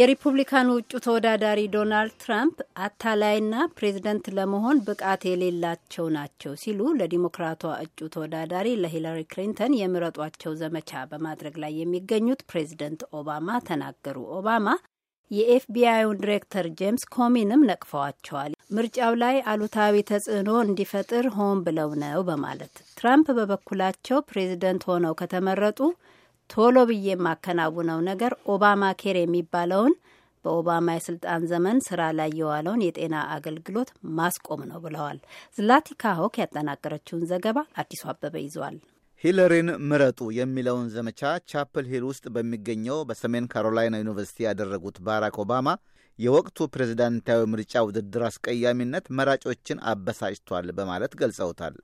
የሪፑብሊካኑ እጩ ተወዳዳሪ ዶናልድ ትራምፕ አታላይና ፕሬዝደንት ለመሆን ብቃት የሌላቸው ናቸው ሲሉ ለዲሞክራቷ እጩ ተወዳዳሪ ለሂለሪ ክሊንተን የምረጧቸው ዘመቻ በማድረግ ላይ የሚገኙት ፕሬዝደንት ኦባማ ተናገሩ። ኦባማ የኤፍቢአዩን ዲሬክተር ጄምስ ኮሚንም ነቅፈዋቸዋል። ምርጫው ላይ አሉታዊ ተጽዕኖ እንዲፈጥር ሆን ብለው ነው በማለት ትራምፕ በበኩላቸው ፕሬዝደንት ሆነው ከተመረጡ ቶሎ ብዬ የማከናውነው ነገር ኦባማ ኬር የሚባለውን በኦባማ የስልጣን ዘመን ስራ ላይ የዋለውን የጤና አገልግሎት ማስቆም ነው ብለዋል። ዝላቲካ ሆክ ያጠናቀረችውን ዘገባ አዲሱ አበበ ይዟል። ሂለሪን ምረጡ የሚለውን ዘመቻ ቻፕል ሂል ውስጥ በሚገኘው በሰሜን ካሮላይና ዩኒቨርሲቲ ያደረጉት ባራክ ኦባማ የወቅቱ ፕሬዝዳንታዊ ምርጫ ውድድር አስቀያሚነት መራጮችን አበሳጭቷል በማለት ገልጸውታል።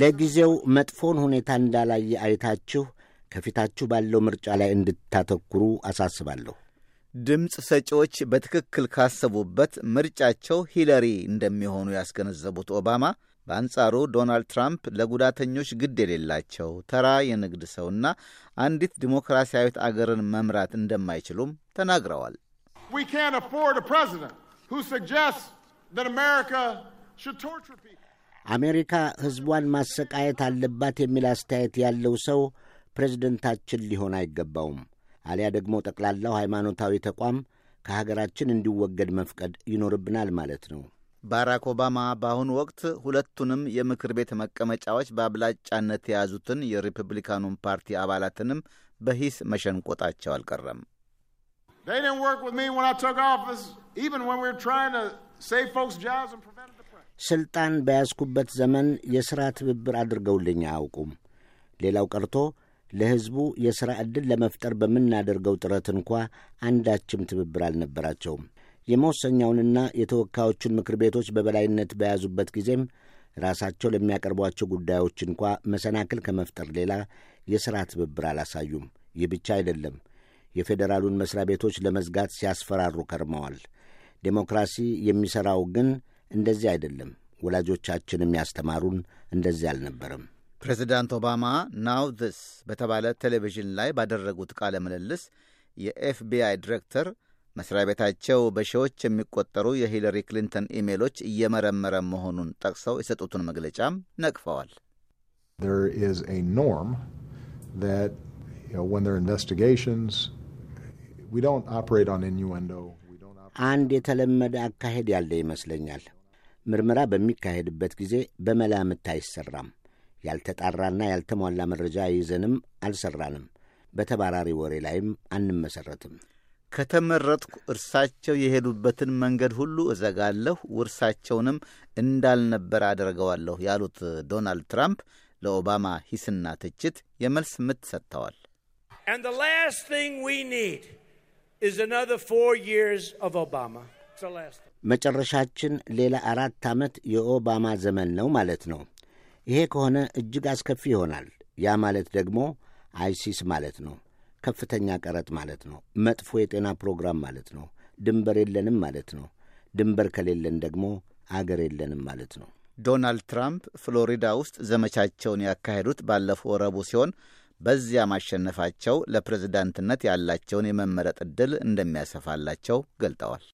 ለጊዜው መጥፎን ሁኔታ እንዳላየ አይታችሁ ከፊታችሁ ባለው ምርጫ ላይ እንድታተኩሩ አሳስባለሁ። ድምፅ ሰጪዎች በትክክል ካሰቡበት ምርጫቸው ሂለሪ እንደሚሆኑ ያስገነዘቡት ኦባማ በአንጻሩ ዶናልድ ትራምፕ ለጉዳተኞች ግድ የሌላቸው ተራ የንግድ ሰውና አንዲት ዲሞክራሲያዊት አገርን መምራት እንደማይችሉም ተናግረዋል። አሜሪካ ሕዝቧን ማሰቃየት አለባት የሚል አስተያየት ያለው ሰው ፕሬዝደንታችን ሊሆን አይገባውም። አሊያ ደግሞ ጠቅላላው ሃይማኖታዊ ተቋም ከሀገራችን እንዲወገድ መፍቀድ ይኖርብናል ማለት ነው። ባራክ ኦባማ በአሁኑ ወቅት ሁለቱንም የምክር ቤት መቀመጫዎች በአብላጫነት የያዙትን የሪፐብሊካኑን ፓርቲ አባላትንም በሂስ መሸንቆጣቸው አልቀረም። ስልጣን በያዝኩበት ዘመን የሥራ ትብብር አድርገውልኝ አያውቁም። ሌላው ቀርቶ ለሕዝቡ የሥራ ዕድል ለመፍጠር በምናደርገው ጥረት እንኳ አንዳችም ትብብር አልነበራቸውም። የመወሰኛውንና የተወካዮቹን ምክር ቤቶች በበላይነት በያዙበት ጊዜም ራሳቸው ለሚያቀርቧቸው ጉዳዮች እንኳ መሰናክል ከመፍጠር ሌላ የሥራ ትብብር አላሳዩም። ይህ ብቻ አይደለም። የፌዴራሉን መሥሪያ ቤቶች ለመዝጋት ሲያስፈራሩ ከርመዋል። ዴሞክራሲ የሚሠራው ግን እንደዚህ አይደለም። ወላጆቻችንም ያስተማሩን እንደዚህ አልነበረም። ፕሬዚዳንት ኦባማ ናው ዚስ በተባለ ቴሌቪዥን ላይ ባደረጉት ቃለ ምልልስ የኤፍቢአይ ዲሬክተር መስሪያ ቤታቸው በሺዎች የሚቆጠሩ የሂለሪ ክሊንተን ኢሜሎች እየመረመረ መሆኑን ጠቅሰው የሰጡትን መግለጫም ነቅፈዋል። አንድ የተለመደ አካሄድ ያለ ይመስለኛል። ምርመራ በሚካሄድበት ጊዜ በመላምት አይሰራም። ያልተጣራና ያልተሟላ መረጃ ይዘንም አልሰራንም። በተባራሪ ወሬ ላይም አንመሰረትም። ከተመረጥኩ እርሳቸው የሄዱበትን መንገድ ሁሉ እዘጋለሁ፣ ውርሳቸውንም እንዳልነበር አደርገዋለሁ ያሉት ዶናልድ ትራምፕ ለኦባማ ሂስና ትችት የመልስ ምት ሰጥተዋል። And the last thing we need is another four years of Obama. መጨረሻችን ሌላ አራት ዓመት የኦባማ ዘመን ነው ማለት ነው። ይሄ ከሆነ እጅግ አስከፊ ይሆናል። ያ ማለት ደግሞ አይሲስ ማለት ነው። ከፍተኛ ቀረጥ ማለት ነው። መጥፎ የጤና ፕሮግራም ማለት ነው። ድንበር የለንም ማለት ነው። ድንበር ከሌለን ደግሞ አገር የለንም ማለት ነው። ዶናልድ ትራምፕ ፍሎሪዳ ውስጥ ዘመቻቸውን ያካሄዱት ባለፈው ረቡዕ ሲሆን በዚያ ማሸነፋቸው ለፕሬዝዳንትነት ያላቸውን የመመረጥ ዕድል እንደሚያሰፋላቸው ገልጠዋል።